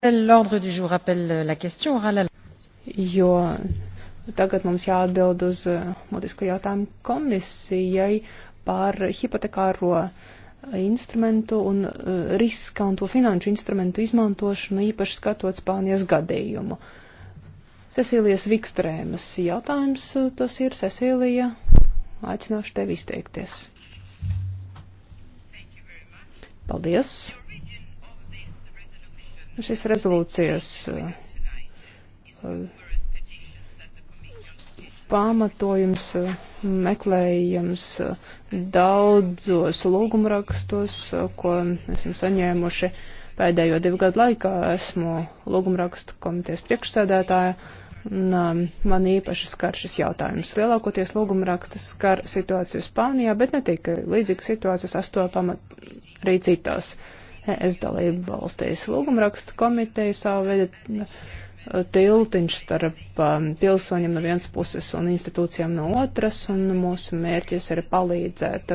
L'ordre du jour appelle la question orale à la... Jo tagad mums jāatbild uz eh, mutisko jautājumu komisijai par hipotekāro instrumentu un eh, riska un to finanšu instrumentu izmantošanu, īpaši skatot Spānijas gadījumu. Cecīlijas Vikstrēmas jautājums eh, tas ir. Cecīlija, aicināšu tevi izteikties. Paldies! šīs rezolūcijas pamatojums meklējams daudzos lūgumrakstos, ko esam saņēmuši pēdējo divu gadu laikā. Esmu lūgumrakstu komitejas priekšsēdētāja, un um, man īpaši skar šis jautājums. Lielākoties lūgumrakstas skar situāciju Spānijā, bet ne tikai līdzīga situācija sastopamat arī citās uh, es dalību valstīs. Lūgumrakstu komiteja savu veidu tiltiņš starp um, pilsoņiem no vienas puses un institūcijām no otras, un mūsu mērķis ir palīdzēt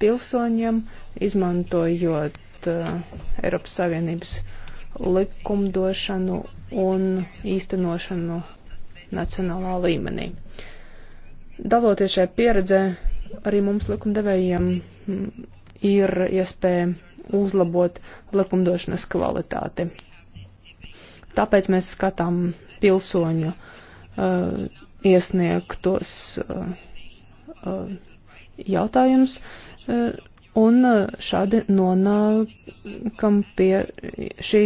pilsoņiem, izmantojot uh, Eiropas Savienības likumdošanu un īstenošanu nacionālā līmenī. Daloties šajā pieredzē, arī mums likumdevējiem mm, ir iespēja uzlabot likumdošanas kvalitāti. Tāpēc mēs skatām pilsoņu uh, iesniegtos uh, uh, jautājumus, uh, un uh, šādi nonākam pie šī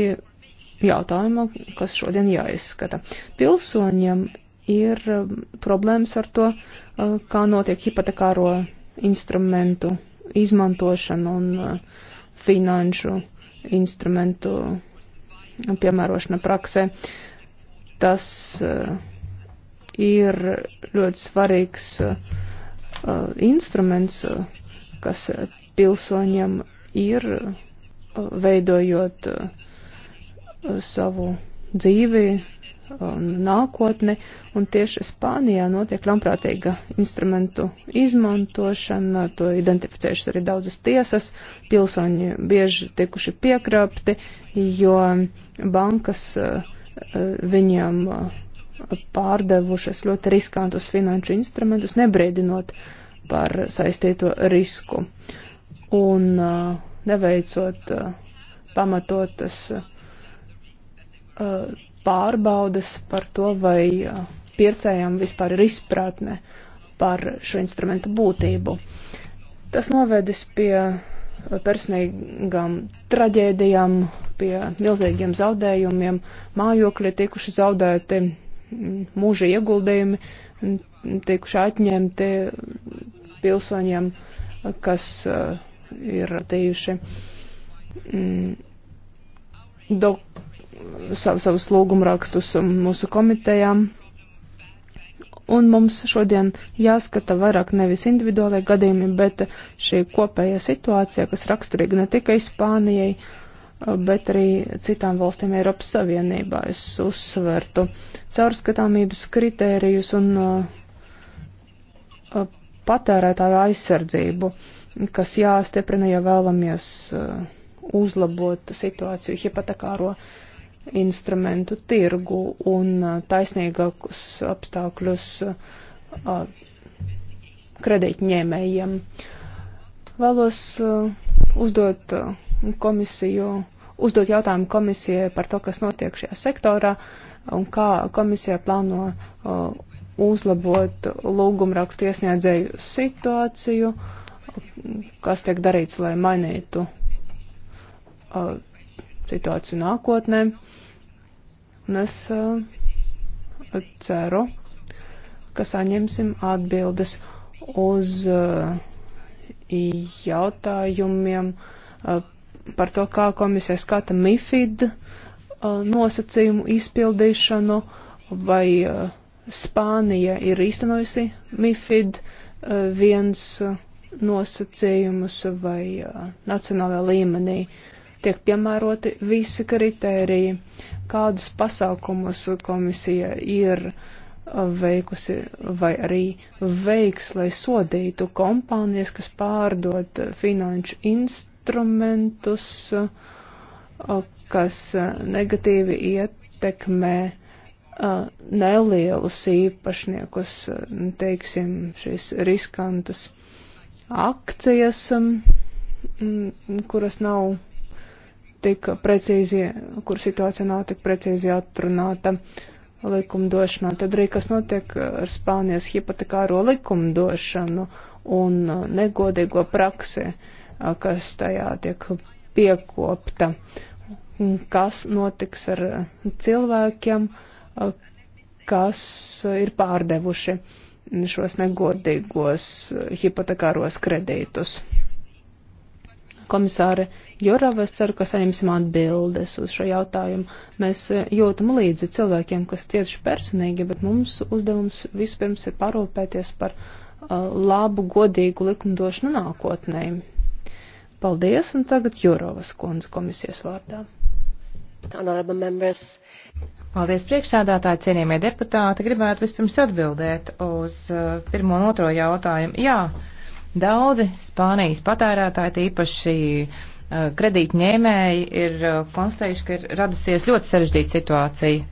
jautājuma, kas šodien jāizskata. Pilsoņiem ir um, problēmas ar to, uh, kā notiek hipotekāro instrumentu izmantošana un uh, finanšu instrumentu piemērošana praksē. Tas eh, ir ļoti svarīgs eh, instruments, kas pilsoņiem ir eh, veidojot savu dzīvi, nākotni, un tieši Spānijā notiek ļaunprātīga instrumentu izmantošana, to identificējušas arī daudzas tiesas, pilsoņi bieži tikuši piekrāpti, jo bankas eh, viņiem eh, pārdevušas ļoti riskantus finanšu instrumentus, nebrēdinot par saistīto risku. Un eh, neveicot pamatotas uh, Uh, pārbaudas par to, vai uh, pircējiem vispār ir izpratne par šo instrumentu būtību. Tas novedis pie uh, personīgām traģēdijām, pie milzīgiem zaudējumiem, mājokļi tikuši zaudēti, mūža ieguldījumi tikuši atņemti pilsoņiem, kas ir tījuši. Dok sav, savus lūgumrakstus mūsu komitejām. Un mums šodien jāskata vairāk nevis individuālai gadījumi, bet šī kopējā situācija, kas raksturīga ne tikai Spānijai, bet arī citām valstīm Eiropas Savienībā. Es uzsvertu caurskatāmības kritērijus un uh, patērētāju aizsardzību, kas jāstiprina, ja vēlamies uh, uzlabot situāciju hipotekāro uh, instrumentu tirgu un uh, taisnīgākus apstākļus uh, kredītņēmējiem. Vēlos uh, uzdot komisiju, uzdot jautājumu komisijai par to, kas notiek šajā sektorā un kā komisija plāno uzlabot lūgumrakstu iesniedzēju situāciju, kas tiek darīts, lai mainītu uh, situāciju nākotnē. Un es uh, ceru, ka saņemsim atbildes uz uh, jautājumiem uh, par to, kā komisija skata MIFID uh, nosacījumu izpildīšanu, vai uh, Spānija ir īstenojusi MIFID uh, viens nosacījumus vai nacionālā līmenī uh, tiek piemēroti visi kritēriji, kādus pasākumus komisija ir uh, veikusi vai arī veiks, lai sodītu kompānijas, kas pārdod finanšu instrumentus, uh, kas uh, negatīvi ietekmē nelielus īpašniekus, teiksim, šīs riskantas akcijas, mm, kuras nav tik precīzi, kur situācija nav tik precīzi atrunāta likumdošanā. Tad arī, kas notiek ar Spānijas hipotekāro likumdošanu un negodīgo praksi, kas tajā tiek piekopta. Kas notiks ar cilvēkiem, kas ir pārdevuši šos negodīgos hipotekāros kredītus? komisāre Jorava, es ceru, ka saņemsim atbildes uz šo jautājumu. Mēs eh, jūtam līdzi cilvēkiem, kas cieši personīgi, bet mums uzdevums vispirms ir parūpēties par uh, labu, godīgu likumdošanu nākotnē. Paldies, un tagad Jorovas kundze komisijas vārdā. Paldies priekšsādātāji, cienījamie deputāti. Gribētu vispirms atbildēt uz uh, pirmo un otro jautājumu. Jā, uh, Daudzi Spānijas patērētāji, tīpaši eh, kredītņēmēji, ir eh, konstatējuši, ka ir radusies ļoti sarežģīta situācija.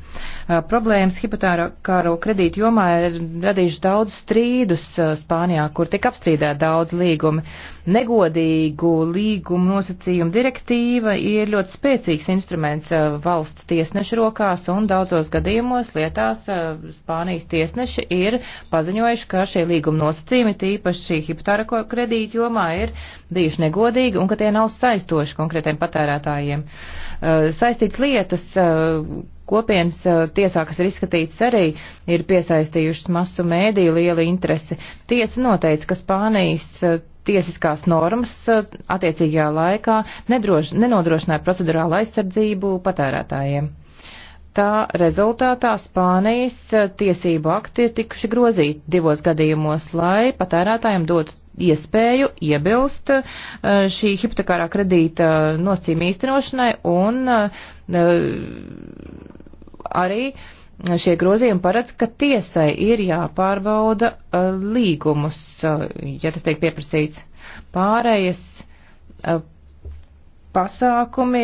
Problēmas hipotekāro kredītu jomā ir radījuši daudz strīdus Spānijā, kur tik apstrīdēt daudz līgumi. Negodīgu līgumu nosacījumu direktīva ir ļoti spēcīgs instruments valsts tiesnešu rokās, un daudzos gadījumos lietās Spānijas tiesneši ir paziņojuši, ka šie līguma nosacījumi, tīpaši hipotekāro kredītu jomā, ir bijuši negodīgi un ka tie nav saistoši konkrētiem patērētājiem. Uh, Eh, saistīts lietas eh, kopienas eh, tiesā, kas ir izskatīts arī, ir piesaistījušas masu mēdīju lielu interesi. Tiesa noteica, ka Spānijas tiesiskās normas attiecīgajā laikā nedrož, nenodrošināja procedurālu aizsardzību patērētājiem. Tā rezultātā Spānijas tiesību akti ir tikuši grozīti divos gadījumos, lai patērētājiem dotu iespēju iebilst eh, šī hipotekārā kredīta nosacījuma īstenošanai un eh, arī šie grozījumi paredz, ka tiesai ir jāpārbauda eh, līgumus, ja tas tiek pieprasīts pārējas pasākumi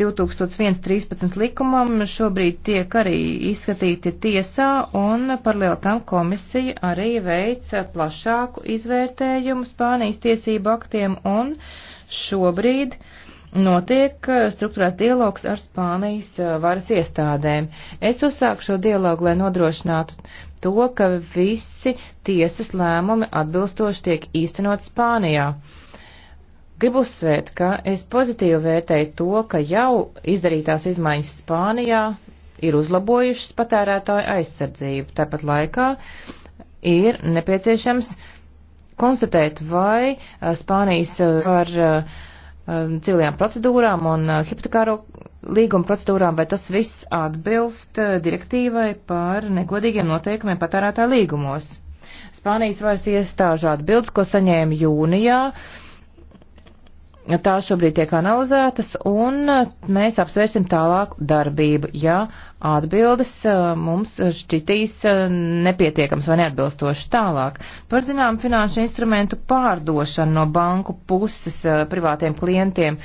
2001.13 likumam šobrīd tiek arī izskatīti tiesā un par lielu tam komisija arī veic plašāku izvērtējumu Spānijas tiesību aktiem un šobrīd notiek struktūrās dialogs ar Spānijas varas iestādēm. Es uzsāku šo dialogu, lai nodrošinātu to, ka visi tiesas lēmumi atbilstoši tiek īstenot Spānijā. Gribu uzsvērt, ka es pozitīvi vērtēju to, ka jau izdarītās izmaiņas Spānijā ir uzlabojušas patērētāju aizsardzību. Tāpat laikā ir nepieciešams konstatēt, vai Spānijas ar civilajām procedūrām un hipotekāro līguma procedūrām, vai tas viss atbilst direktīvai par negodīgiem noteikumiem patērētāju līgumos. Spānijas varas iestāžu atbildes, ko saņēma jūnijā, uh, Tās šobrīd tiek analizētas, un uh, mēs apsvērsim tālāku darbību, ja atbildes uh, mums šķitīs uh, nepietiekams vai neatbilstoši tālāk. Par zinām finanšu instrumentu pārdošanu no banku puses privātiem klientiem,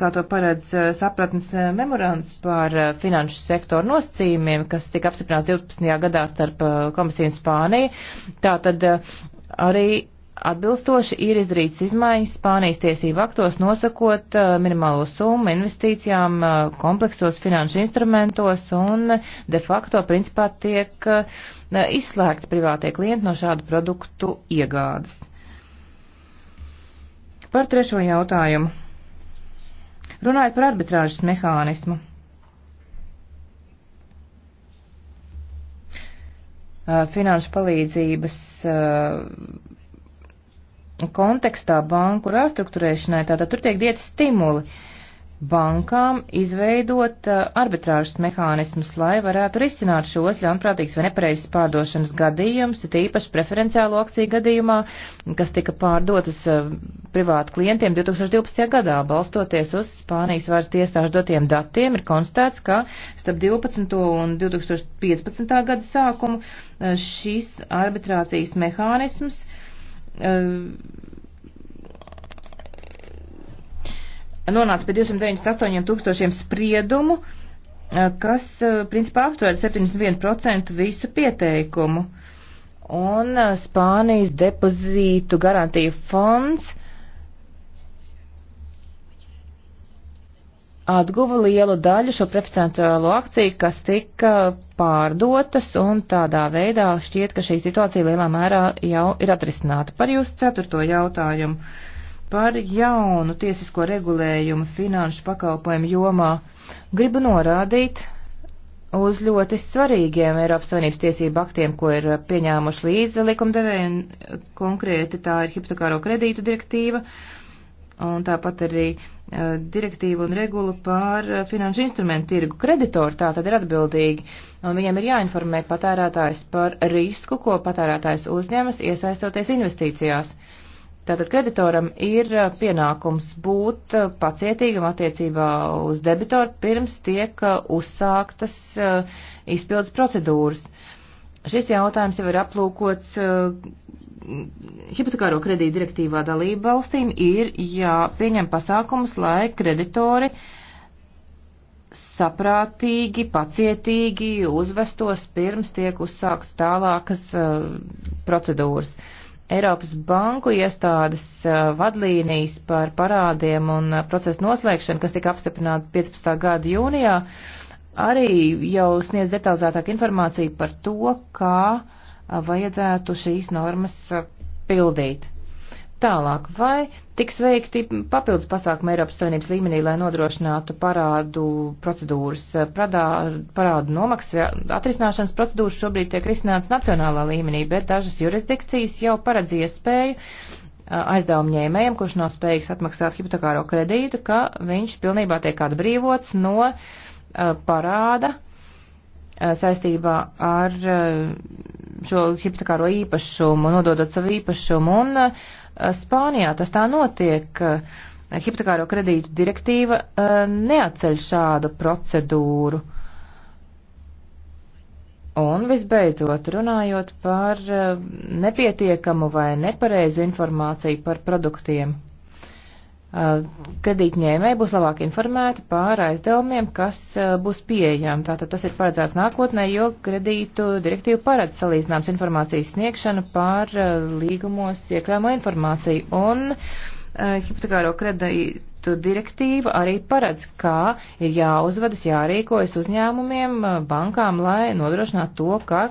kā to paredz sapratnes memorands par finanšu sektoru nosacījumiem, kas tika apstiprināts 12. gadā starp komisiju un Spāniju. Tātad arī Atbilstoši ir izdarīts izmaiņas Spānijas tiesību aktos nosakot uh, minimālo summu investīcijām uh, kompleksos finanšu instrumentos un uh, de facto principā tiek izslēgti privātie klienti no šādu produktu iegādes. Par trešo jautājumu. Runājot par arbitrāžas mehānismu. Finanšu palīdzības kontekstā banku rāstruktūrēšanai, tātad tur tiek dieti stimuli bankām izveidot uh, arbitrāžas mehānismus, lai varētu risināt šos ļaunprātīgs vai nepareizes pārdošanas gadījumus, it īpaši preferenciālo akciju gadījumā, kas tika pārdotas uh, privātu klientiem 2012. gadā, balstoties uz Spānijas vairs tiesāšu dotiem datiem, ir konstatēts, ka starp 12. un 2015. gada sākumu uh, šis arbitrācijas mehānisms uh, Ehm, nonāca pie 298 tūkstošiem spriedumu, eh, kas, eh, principā, aptver 71% visu pieteikumu. Un eh, Spānijas depozītu garantija fonds uh, atguva lielu daļu šo preferenciālo akciju, kas tika pārdotas, un tādā veidā šķiet, ka šī situācija lielā mērā jau ir atrisināta. Par jūsu ceturto jautājumu par jaunu tiesisko regulējumu finanšu pakalpojumu jomā gribu norādīt uz ļoti svarīgiem Eiropas Savienības tiesību aktiem, ko ir pieņēmuši līdzi likumdevēji, un konkrēti tā ir hipotekāro kredītu direktīva, uh, un tāpat arī uh, eh, direktīva un regula pār uh, eh, finanšu instrumentu tirgu. Kreditori tā tad ir atbildīgi, un viņiem ir jāinformē patērētājs par risku, ko patērētājs uzņemas, iesaistoties investīcijās. Tātad kreditoram ir eh, pienākums būt pacietīgam attiecībā uz debitoru pirms tiek uzsāktas uh, izpildes procedūras. Uh, Šis jautājums jau ir aplūkots uh, hipotekāro kredītu direktīvā dalību valstīm ir jāpieņem pasākums, lai kreditori saprātīgi, pacietīgi uzvestos pirms tiek uzsākts tālākas uh, procedūras. Eiropas banku iestādes uh, vadlīnijas par parādiem un uh, procesu noslēgšanu, kas tika apstiprināta 15. gada jūnijā, uh, arī jau sniedz detalizētāk informāciju par to, kā vajadzētu šīs normas pildīt. Tālāk, vai tiks veikti papildus pasākumi Eiropas Savienības līmenī, lai nodrošinātu parādu procedūras, pradā, parādu nomaksas atrisināšanas procedūras šobrīd tiek risināts nacionālā līmenī, bet dažas jurisdikcijas jau paredz iespēju aizdevumu ņēmējiem, kurš nav spējīgs atmaksāt hipotekāro kredītu, ka viņš pilnībā tiek atbrīvots no uh, Uh, parāda uh, saistībā ar uh, šo hipotekāro īpašumu, nododot savu īpašumu. Un Spānijā tas tā notiek. Hipotekāro kredītu direktīva neatceļ šādu procedūru. Un visbeidzot, runājot par nepietiekamu vai nepareizu informāciju par produktiem kredītņēmēji būs labāk informēti pār aizdevumiem, kas e, būs pieejami. Tātad tas ir paredzēts nākotnē, jo kredītu direktīva paredz salīdzināms informācijas sniegšanu pār e, līgumos iekļāmo informāciju. Un e, hipotekāro kredītu direktīva arī paredz, kā ir jāuzvedas, jārīkojas uzņēmumiem, bankām, lai nodrošinātu to, ka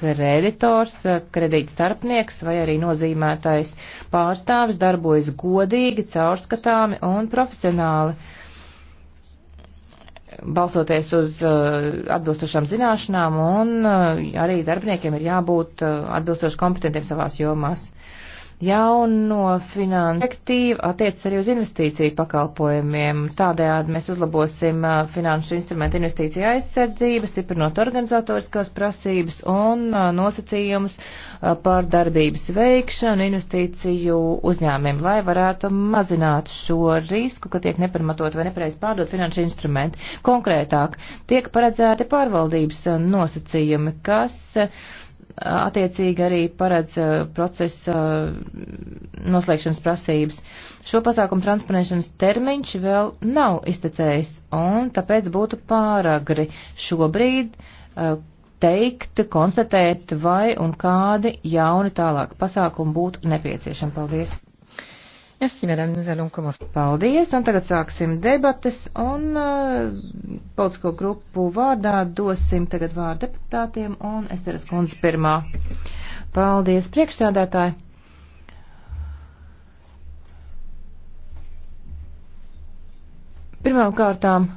kreditors, eh, kredīt starpnieks vai arī nozīmētais pārstāvis darbojas godīgi, caurskatāmi un profesionāli. Balsoties uz eh, atbilstošām zināšanām un eh, arī darbiniekiem ir jābūt atbilstoši kompetentiem savās jomās. Jauno finanses direktīva attiecas arī uz investīciju pakalpojumiem. Tādējādi mēs uzlabosim finanšu instrumentu investīciju aizsardzību, stiprinot organizatoriskās prasības un nosacījumus par darbības veikšanu investīciju uzņēmiem, lai varētu mazināt šo risku, ka tiek nepamatot vai nepareiz pārdot finanšu instrumenti. Konkrētāk, tiek paredzēti pārvaldības nosacījumi, kas uh, attiecīgi arī paredz uh, procesa mm, noslēgšanas prasības. Šo pasākumu transponēšanas termiņš vēl nav iztecējis, un tāpēc būtu pāragri šobrīd uh, teikt, konstatēt, vai un kādi jauni tālāk pasākumi būtu nepieciešami. Paldies! Merci, madame, nous allons commencer. Paldies, un tagad sāksim debates, un uh, politisko grupu vārdā dosim tagad vārdu deputātiem, un Esteras kundze pirmā. Paldies, priekšsēdētāji. Pirmām kārtām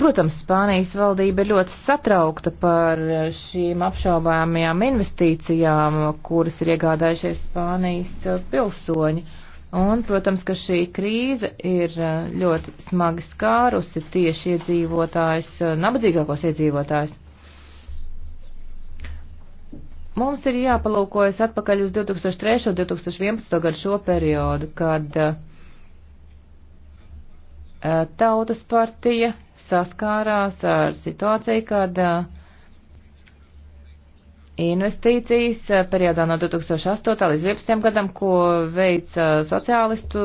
Protams, Spānijas valdība ir ļoti satraukta par šīm apšaubāmajām investīcijām, kuras ir iegādājušies Spānijas eh, pilsoņi. Un, protams, ka šī krīze ir eh, ļoti smagi skārusi tieši iedzīvotājus, eh, nabadzīgākos iedzīvotājus. Mums ir jāpalūkojas atpakaļ uz 2003. un 2011. gadu šo periodu, kad Tautas partija saskārās ar situāciju, kad uh, investīcijas uh, periodā no 2008. līdz 2011. gadam, ko veica uh, sociālistu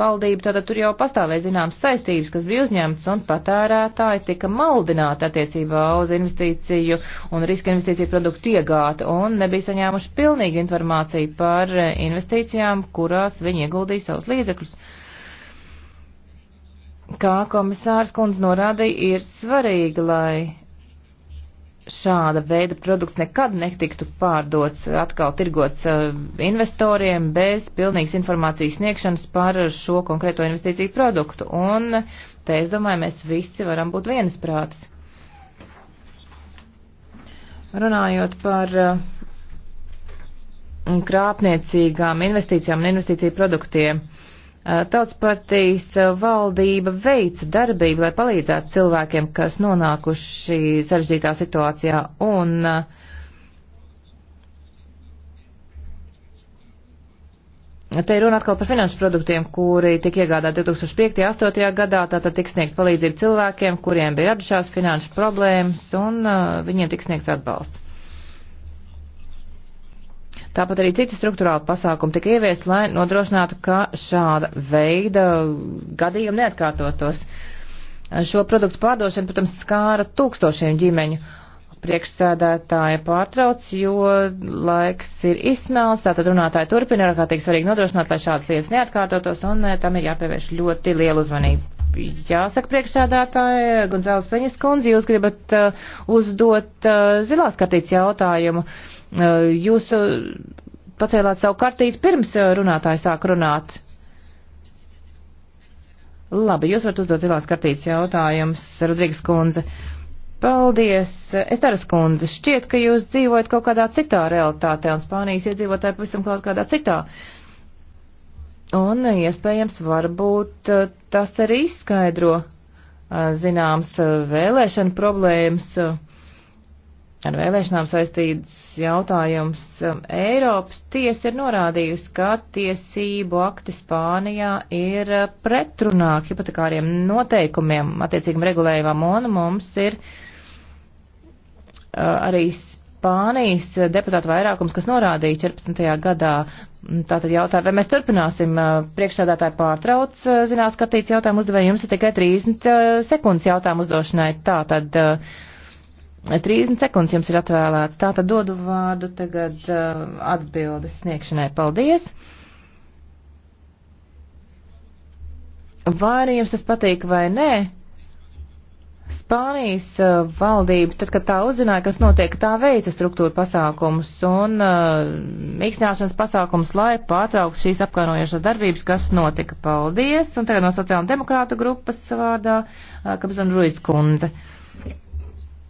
valdība, tātad tur jau pastāvēja zināmas saistības, kas bija uzņemtas, un patērētāji tika maldināti attiecībā uz investīciju un riska investīciju produktu iegāti, un nebija saņēmuši pilnīgi informāciju par investīcijām, kurās viņi ieguldīja savus līdzekļus. Uh, kā komisārs kundze norādīja, ir svarīgi, lai šāda veida produkts nekad netiktu pārdots, atkal tirgots uh, investoriem bez pilnīgas informācijas sniegšanas par šo konkrēto investīciju produktu. Un te es domāju, mēs visi varam būt vienisprātis. Runājot par uh, krāpniecīgām investīcijām un investīciju produktiem. Uh, Eh, tautas partijas eh, valdība veica darbību, lai palīdzētu cilvēkiem, kas nonākuši sarežģītā situācijā un uh, Te ir runa atkal par finanšu produktiem, kuri tika iegādāti 2005. un 2008. gadā. Tātad tiks sniegt palīdzību cilvēkiem, kuriem bija radušās finanšu problēmas, un uh, viņiem tiks sniegts atbalsts. Tāpat arī citi struktūrāli pasākumi tika ieviest, lai nodrošinātu, ka šāda veida gadījumi neatkārtotos. Šo produktu pārdošana, protams, skāra tūkstošiem ģimeņu. Priekšsēdētāja pārtrauc, jo laiks ir izsmēls, tātad runātāji turpina, ir ārkārtīgi svarīgi nodrošināt, lai šādas lietas neatkārtotos, un eh, tam ir jāpievērš ļoti liela uzmanība. Jāsaka, priekšsēdētāja Gonzāles Peņas kundze, jūs gribat uh, uzdot uh, zilās kartītes jautājumu. Uh, Uh, jūs uh, pacēlāt savu kartīti pirms uh, runātāji sāk runāt. Labi, jūs varat uzdot zilās kartītes jautājumus, Rodrīgas kundze. Paldies, Estaras kundze. Šķiet, ka jūs dzīvojat kaut kādā citā realitātē un Spānijas iedzīvotāji pavisam kaut kādā citā. Un iespējams, varbūt tas arī izskaidro zināms vēlēšana problēmas ar vēlēšanām saistīts jautājums. Um, Eiropas tiesa ir norādījusi, ka tiesību akti Spānijā ir uh, pretrunā hipotekāriem noteikumiem, attiecīgam regulējumam, un mums ir uh, arī Spānijas deputātu vairākums, kas norādīja 14. gadā. Mm, Tātad jautāja, vai mēs turpināsim. Uh, Priekšsēdētāji pārtrauc zinās skatīts jautājumu uzdevēju. Jums ir tikai 30 sekundes jautājumu uzdošanai. Tātad. Uh, 30 sekundes jums ir atvēlēts. Tā tad dodu vārdu tagad uh, atbildes sniegšanai. Paldies! Vai arī jums tas patīk vai nē? Spānijas uh, valdība, tad, kad tā uzzināja, kas notiek, tā veica struktūra pasākumus un uh, mīkstināšanas pasākumus, lai pārtrauktu šīs apkārojošās darbības, kas notika. Paldies! Un tagad no sociāla demokrāta grupas vārdā uh, Kapzana Ruiz kundze. Uh,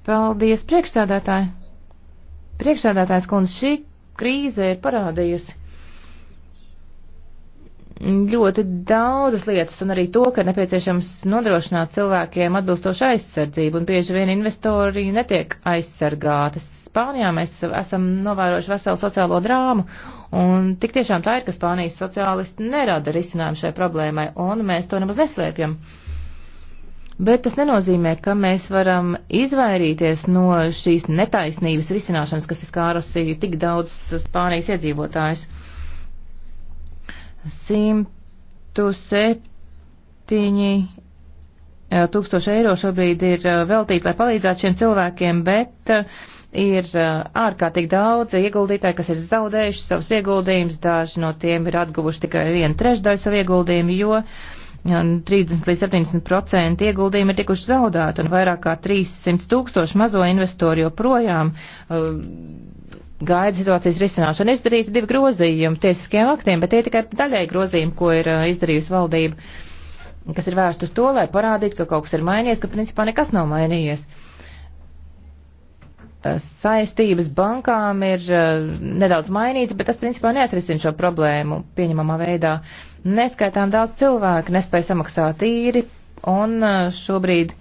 Paldies, priekšsādātāji! Priekšsādātājs kundze, šī krīze ir parādījusi ļoti daudzas lietas un arī to, ka nepieciešams nodrošināt cilvēkiem atbilstošu aizsardzību un bieži vien investori netiek aizsargātas. Spānijā mēs esam novērojuši veselu sociālo drāmu un tik tiešām tā ir, ka Spānijas sociālisti nerada risinājumu šai problēmai un mēs to nemaz neslēpjam. Uh, bet tas nenozīmē, ka mēs varam izvairīties no šīs netaisnības risināšanas, kas ir skārusi tik daudz Spānijas iedzīvotājus. 107 eh, tūkstoši eiro šobrīd ir eh, veltīti, lai palīdzētu šiem cilvēkiem, bet eh, ir ārkārtīgi daudz ieguldītāji, kas ir zaudējuši savus ieguldījumus, daži no tiem ir atguvuši tikai vienu trešdaļu savu ieguldījumu, jo uh, 30 līdz 70% ieguldījumi ir tikuši zaudēti un vairāk kā 300 tūkstoši mazo investoru joprojām uh, gaida situācijas risināšanu. Izdarīti divi grozījumi tiesiskiem aktiem, bet tie tikai daļai grozījumi, ko ir uh, izdarījusi valdība, kas ir vērst uz to, lai parādītu, ka kaut kas ir mainījies, ka principā nekas nav mainījies uh, saistības bankām ir nedaudz mainīts, bet tas principā neatrisina šo problēmu pieņemamā veidā. Uh, Neskaitām daudz cilvēku nespēja samaksāt īri, un uh, šobrīd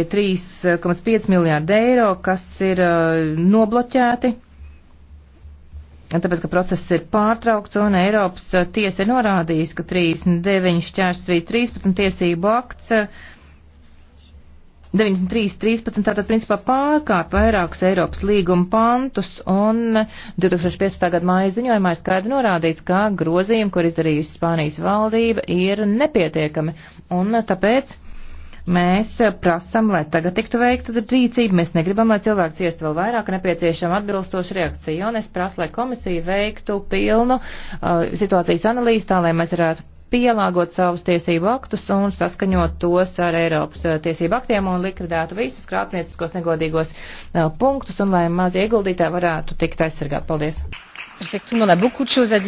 ir 3,5 miljārdi eiro, kas ir uh, nobloķēti, tāpēc, ka process ir pārtraukts, un Eiropas uh, tiesa ir norādījis, ka 39 šķērsvīt 13 tiesību akts 93.13. Tātad, principā, pārkāp vairākus Eiropas līguma pantus, un 2015. gada māja ziņojumā ir skaidri norādīts, ka grozījumi, kur izdarījusi Spānijas valdība, ir nepietiekami, un tāpēc mēs prasam, lai tagad tiktu veikta rīcība. Mēs negribam, lai cilvēks ciestu vēl vairāk, nepieciešama atbilstoša reakcija. Un es prasu, lai komisija veiktu pilnu uh, situācijas analīzi, tā lai mēs varētu pielāgot savus tiesību aktus un saskaņot tos ar Eiropas eh, tiesību aktiem un likvidētu visus krāpnieciskos negodīgos eh, punktus un lai mazie ieguldītāji varētu tikt aizsargāti. Paldies! Euh.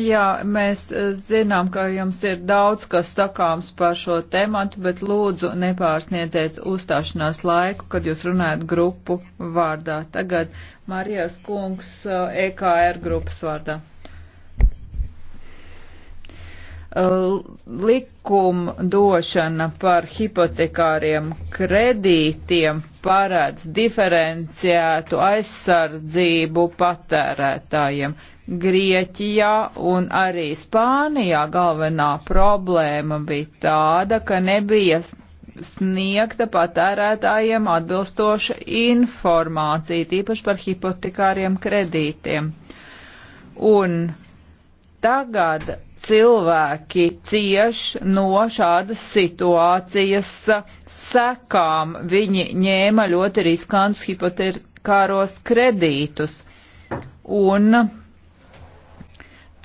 Jā, mēs eh, zinām, ka jums ir daudz, kas sakāms par šo tematu, bet lūdzu nepārsniedziet uzstāšanās laiku, kad jūs runājat grupu vārdā. Tagad Marijas kungs EKR e grupas vārdā likumdošana par hipotekāriem kredītiem paredz diferenciētu aizsardzību patērētājiem. Grieķijā un arī Spānijā galvenā problēma bija tāda, ka nebija sniegta patērētājiem atbilstoša informācija, tīpaši par hipotekāriem kredītiem. Un tagad cilvēki cieš no šādas situācijas sekām. Viņi ņēma ļoti riskantus hipotekāros kredītus. Un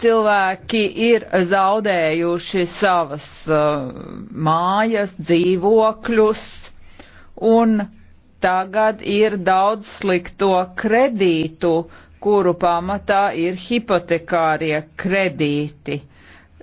cilvēki ir zaudējuši savas uh, mājas, dzīvokļus, un tagad ir daudz slikto kredītu, kuru pamatā ir hipotekārie kredīti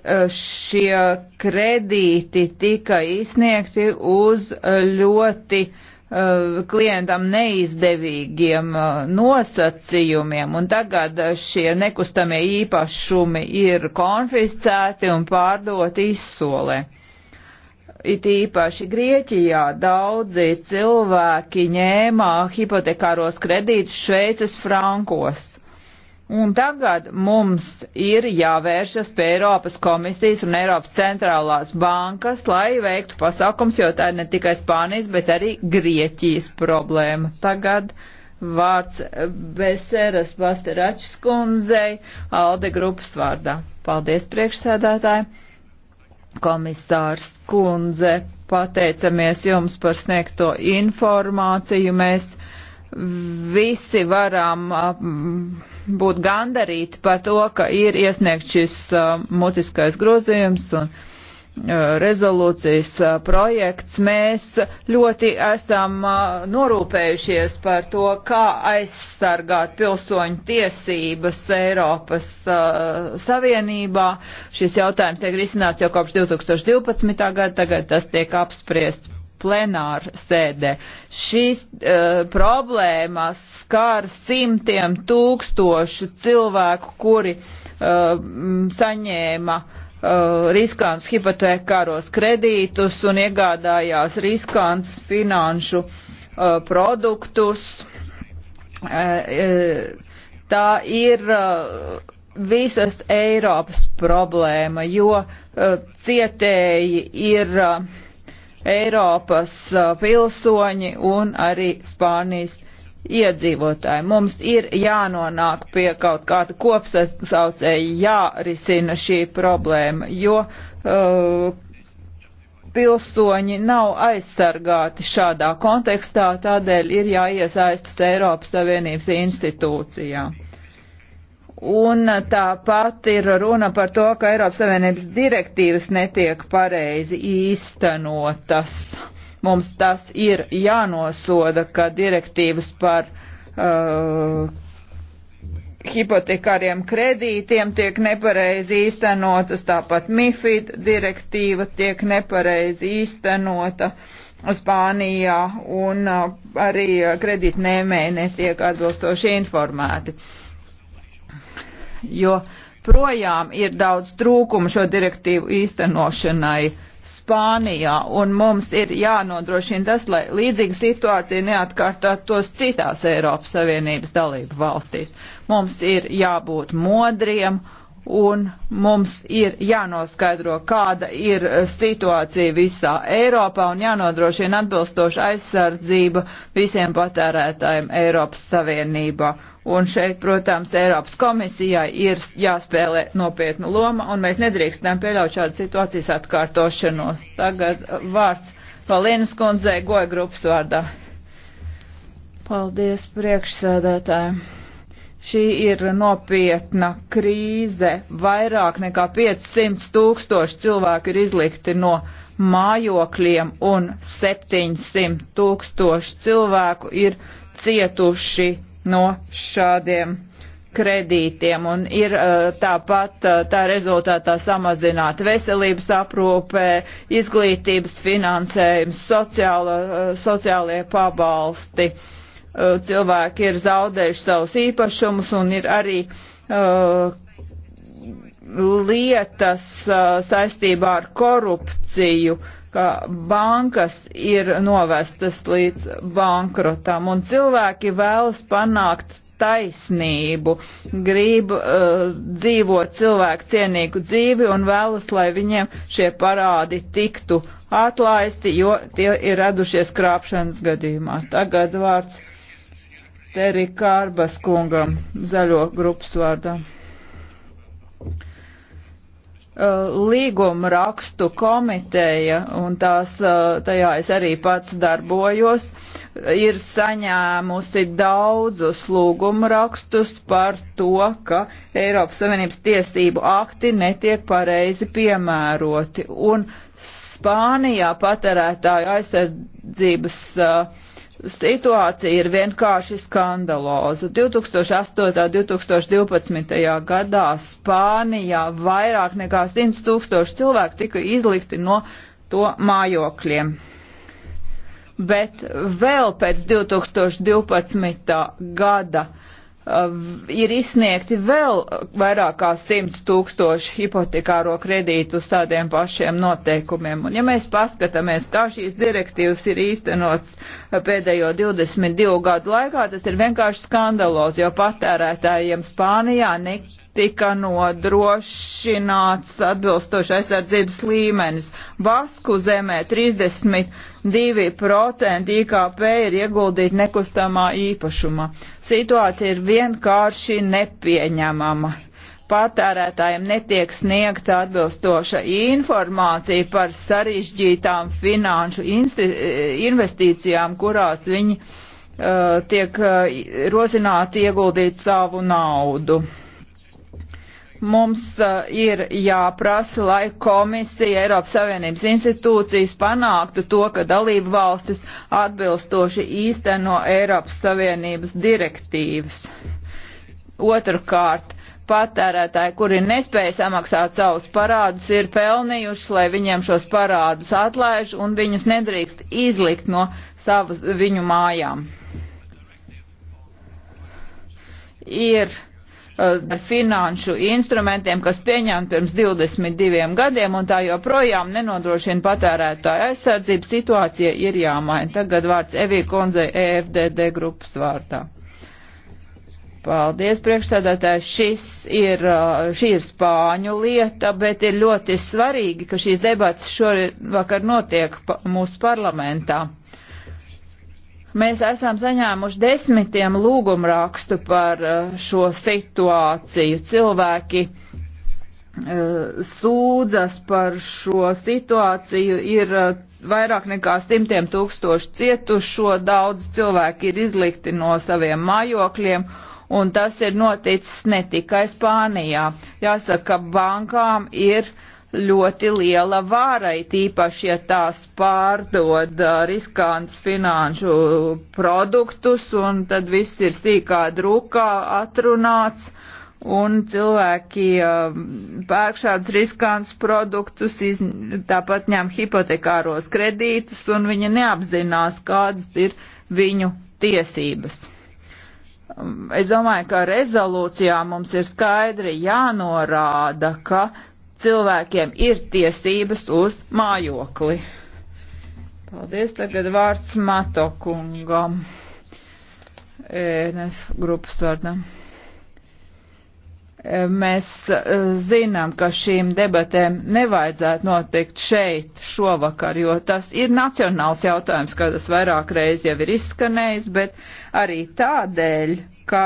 Eh, šie kredīti tika izsniegti uz ļoti uh, klientam neizdevīgiem uh, nosacījumiem, un tagad šie nekustamie īpašumi ir konfiscēti un pārdoti izsolē. It īpaši Grieķijā daudzi cilvēki ņēmā hipotekāros kredītus Šveices frankos Un tagad mums ir jāvēršas pie Eiropas komisijas un Eiropas centrālās bankas, lai veiktu pasākums, jo tā ir ne tikai Spānijas, bet arī Grieķijas problēma. Tagad vārds Beseras Basteračs kundzei Alde grupas vārdā. Paldies priekšsēdētāji. Komisārs kundze, pateicamies jums par sniegto informāciju. Mēs visi varam būt gandarīti par to, ka ir iesniegts šis mutiskais grozījums un rezolūcijas projekts. Mēs ļoti esam norūpējušies par to, kā aizsargāt pilsoņu tiesības Eiropas Savienībā. Šis jautājums tiek risināts jau kopš 2012. gada, tagad tas tiek apspriests plenāra sēdē. Šīs uh, problēmas skar simtiem tūkstošu cilvēku, kuri uh, saņēma uh, riskantus hipotekāros kredītus un iegādājās riskantus finanšu uh, produktus. Uh, tā ir uh, visas Eiropas problēma, jo uh, cietēji ir uh, Eiropas uh, pilsoņi un arī Spānijas iedzīvotāji. Mums ir jānonāk pie kaut kāda kopsaucēja, jārisina šī problēma, jo uh, pilsoņi nav aizsargāti šādā kontekstā, tādēļ ir jāiesaistas Eiropas Savienības institūcijā. Un tāpat ir runa par to, ka Eiropas Savienības direktīvas netiek pareizi īstenotas. Mums tas ir jānosoda, ka direktīvas par uh, hipotekāriem kredītiem tiek nepareizi īstenotas, tāpat MIFID direktīva tiek nepareizi īstenota. Spānijā un uh, arī uh, kredītnēmēji netiek atbilstoši informēti. Uh, jo projām ir daudz trūkumu šo direktīvu īstenošanai Spānijā, un mums ir jānodrošina tas, lai līdzīga situācija neatkārtotos citās Eiropas Savienības dalību valstīs. Mums ir jābūt modriem un mums ir jānoskaidro, kāda ir situācija visā Eiropā un jānodrošina atbilstoša aizsardzība visiem patērētājiem Eiropas Savienībā. Un šeit, protams, Eiropas komisijai ir jāspēlē nopietna loma, un mēs nedrīkstam pieļaut šādu situācijas atkārtošanos. Tagad vārds Palīnas kundzei goja grupas vārdā. Paldies priekšsēdētājiem. Šī ir nopietna krīze. Vairāk nekā 500 tūkstoši cilvēku ir izlikti no mājokļiem un 700 tūkstoši cilvēku ir cietuši no šādiem kredītiem un ir eh, tāpat eh, tā rezultātā samazināt veselības aprūpē, izglītības finansējums, sociāla, eh, sociālie pabalsti Eh, cilvēki ir zaudējuši savus īpašumus un ir arī uh, lietas uh, saistībā ar korupciju, ka bankas ir novestas līdz bankrotam un cilvēki vēlas panākt taisnību, grib uh, dzīvot cilvēku cienīgu dzīvi un vēlas, lai viņiem šie parādi tiktu atlaisti, jo tie ir radušies krāpšanas gadījumā. Tagad vārds Terī Kārbas kungam zaļo grupas vārdā. Līguma rakstu komiteja, un tās, tajā es arī pats darbojos, ir saņēmusi daudzus lūguma rakstus par to, ka Eiropas Savienības tiesību akti netiek pareizi piemēroti, un Spānijā patērētāju aizsardzības uh, Situācija ir vienkārši skandaloza. 2008. un 2012. gadā Spānijā vairāk nekā 100 tūkstoši cilvēku tika izlikti no to mājokļiem. Bet vēl pēc 2012. gada Ehm, ir izsniegti vēl vairāk kā 100 tūkstoši hipotekāro kredītu uz tādiem pašiem noteikumiem. Un ja mēs paskatāmies, kā šīs direktīvas ir īstenots eh, pēdējo 22 gadu laikā, tas ir vienkārši skandalos, jo patērētājiem Spānijā nekā tika nodrošināts atbilstoši aizsardzības līmenis. Basku zemē 32% IKP ir ieguldīti nekustamā īpašumā. Situācija ir vienkārši nepieņemama. Patērētājiem netiek sniegta atbilstoša informācija par sarežģītām finanšu investīcijām, kurās viņi uh, tiek uh, rosināti ieguldīt savu naudu. Mums uh, ir jāprasa, lai komisija Eiropas Savienības institūcijas panāktu to, ka dalību valstis atbilstoši īsteno Eiropas Savienības direktīvas. Otrakārt, patērētāji, kuri nespēja samaksāt savus parādus, ir pelnījuši, lai viņiem šos parādus atlaiž un viņus nedrīkst izlikt no savas viņu mājām. Ir Eh, finanšu instrumentiem, kas pieņemti pirms 22 gadiem, un tā joprojām nenodrošina patērētāju aizsardzību. Situācija ir jāmaina. Tagad vārds Evī Konzei EFDD grupas vārtā. Paldies, priekšsēdētāji. Šis ir, eh, šī ir spāņu lieta, bet ir ļoti svarīgi, ka šīs debatas šorvakar notiek mūsu parlamentā Mēs esam saņēmuši desmitiem lūgumrakstu par eh, šo situāciju. Cilvēki eh, sūdzas par šo situāciju, ir eh, vairāk nekā simtiem tūkstoši cietušo, daudz cilvēki ir izlikti no saviem mājokļiem, un tas ir noticis ne tikai Spānijā. Jāsaka, bankām ir uh, ļoti liela vāra, tīpaši, ja tās pārdod uh, riskants finanšu produktus, un tad viss ir sīkā drukā atrunāts, un cilvēki um, pērk šādus riskants produktus, iz, tāpat ņem hipotekāros kredītus, un viņi neapzinās, kādas ir viņu tiesības. Um, es domāju, ka rezolūcijā mums ir skaidri jānorāda, ka cilvēkiem ir tiesības uz mājokli. Paldies, tagad vārds Mato kungam. ENF grupas vārdam. E, mēs e, zinām, ka šīm debatēm nevajadzētu notikt šeit šovakar, jo tas ir nacionāls jautājums, kā tas vairāk reiz jau ir izskanējis, bet arī tādēļ, ka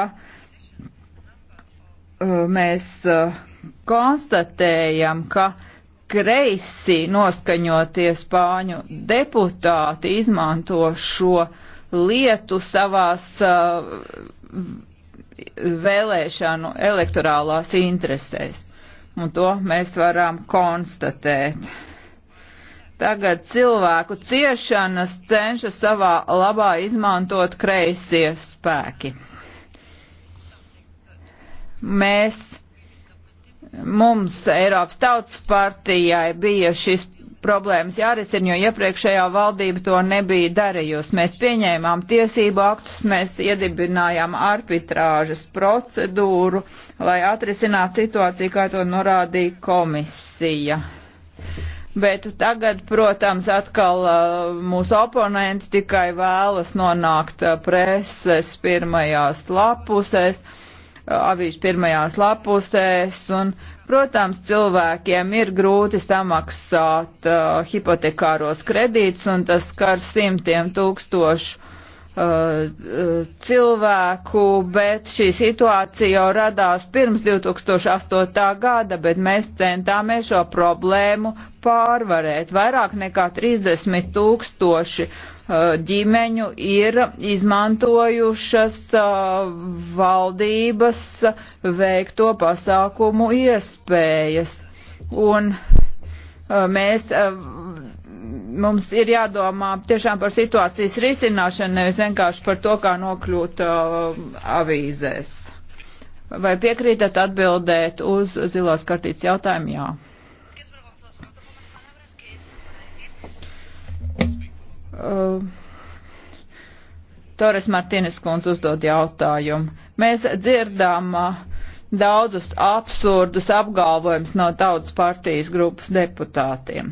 e, mēs konstatējam, ka kreisi noskaņotie spāņu deputāti izmanto šo lietu savās uh, vēlēšanu elektorālās interesēs. Un to mēs varam konstatēt. Tagad cilvēku ciešanas cenšas savā labā izmantot kreisie spēki. Mēs Mums Eiropas tautas partijai bija šis problēmas jārisina, jo iepriekšējā valdība to nebija darījusi. Mēs pieņēmām tiesību aktus, mēs iedibinājām arbitrāžas procedūru, lai atrisinātu situāciju, kā to norādīja komisija. Bet tagad, protams, atkal uh, mūsu oponenti tikai vēlas nonākt uh, preses pirmajās lapusēs avīžu pirmajās lapusēs, un, protams, cilvēkiem ir grūti samaksāt uh, hipotekāros kredītus, un tas skar simtiem tūkstošu uh, uh cilvēku, bet šī situācija jau radās pirms 2008. gada, bet mēs centāmies šo problēmu pārvarēt. Vairāk nekā 30 tūkstoši uh, Uh, ģimeņu ir izmantojušas uh, valdības veikto pasākumu iespējas. Un uh, mēs, mums ir jādomā tiešām par situācijas risināšanu, nevis vienkārši par to, kā nokļūt avīzēs. Vai piekrītat atbildēt uz zilās kartītes jautājumu? Jā. Uh, Torres Martīnes kundze uzdod jautājumu. Mēs dzirdām uh, daudzus absurdus apgalvojumus no tautas partijas grupas deputātiem.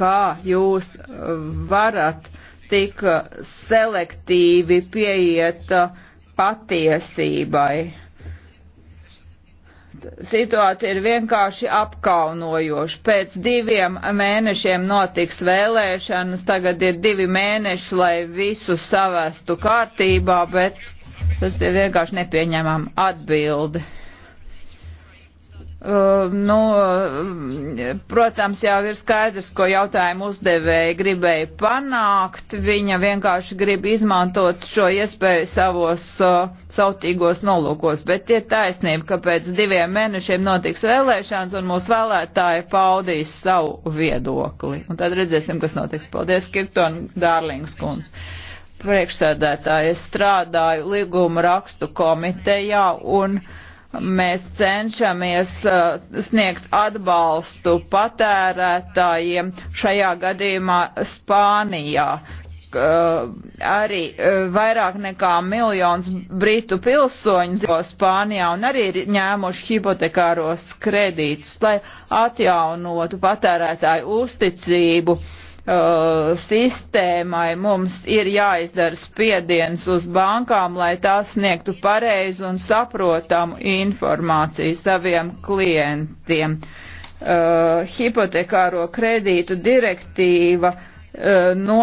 Kā jūs uh, varat tik selektīvi pieiet uh, patiesībai? situācija ir vienkārši apkaunojoša. Pēc diviem mēnešiem notiks vēlēšanas, tagad ir divi mēneši, lai visu savestu kārtībā, bet tas ir vienkārši nepieņemama atbildi. Uh, nu, uh, protams, jau ir skaidrs, ko jautājumu uzdevēja gribēja panākt. Viņa vienkārši grib izmantot šo iespēju savos uh, sautīgos nolūkos. Bet ir taisnība, ka pēc diviem mēnešiem notiks vēlēšanas un mūsu vēlētāji paudīs savu viedokli. Un tad redzēsim, kas notiks. Paldies, Kirton Dārlings kundze priekšsēdētāji, es strādāju līguma rakstu komitejā un uh, mēs cenšamies uh, sniegt atbalstu patērētājiem, šajā gadījumā Spānijā. Uh, arī uh, vairāk nekā miljons britu pilsoņu dzīvo Spānijā un arī ir ņēmuši hipotekāros kredītus, lai atjaunotu patērētāju uzticību uh, uh, sistēmai mums ir jāizdara spiediens uz bankām, lai tās sniegtu pareizu un saprotamu informāciju saviem klientiem. Uh, hipotekāro kredītu direktīva uh, no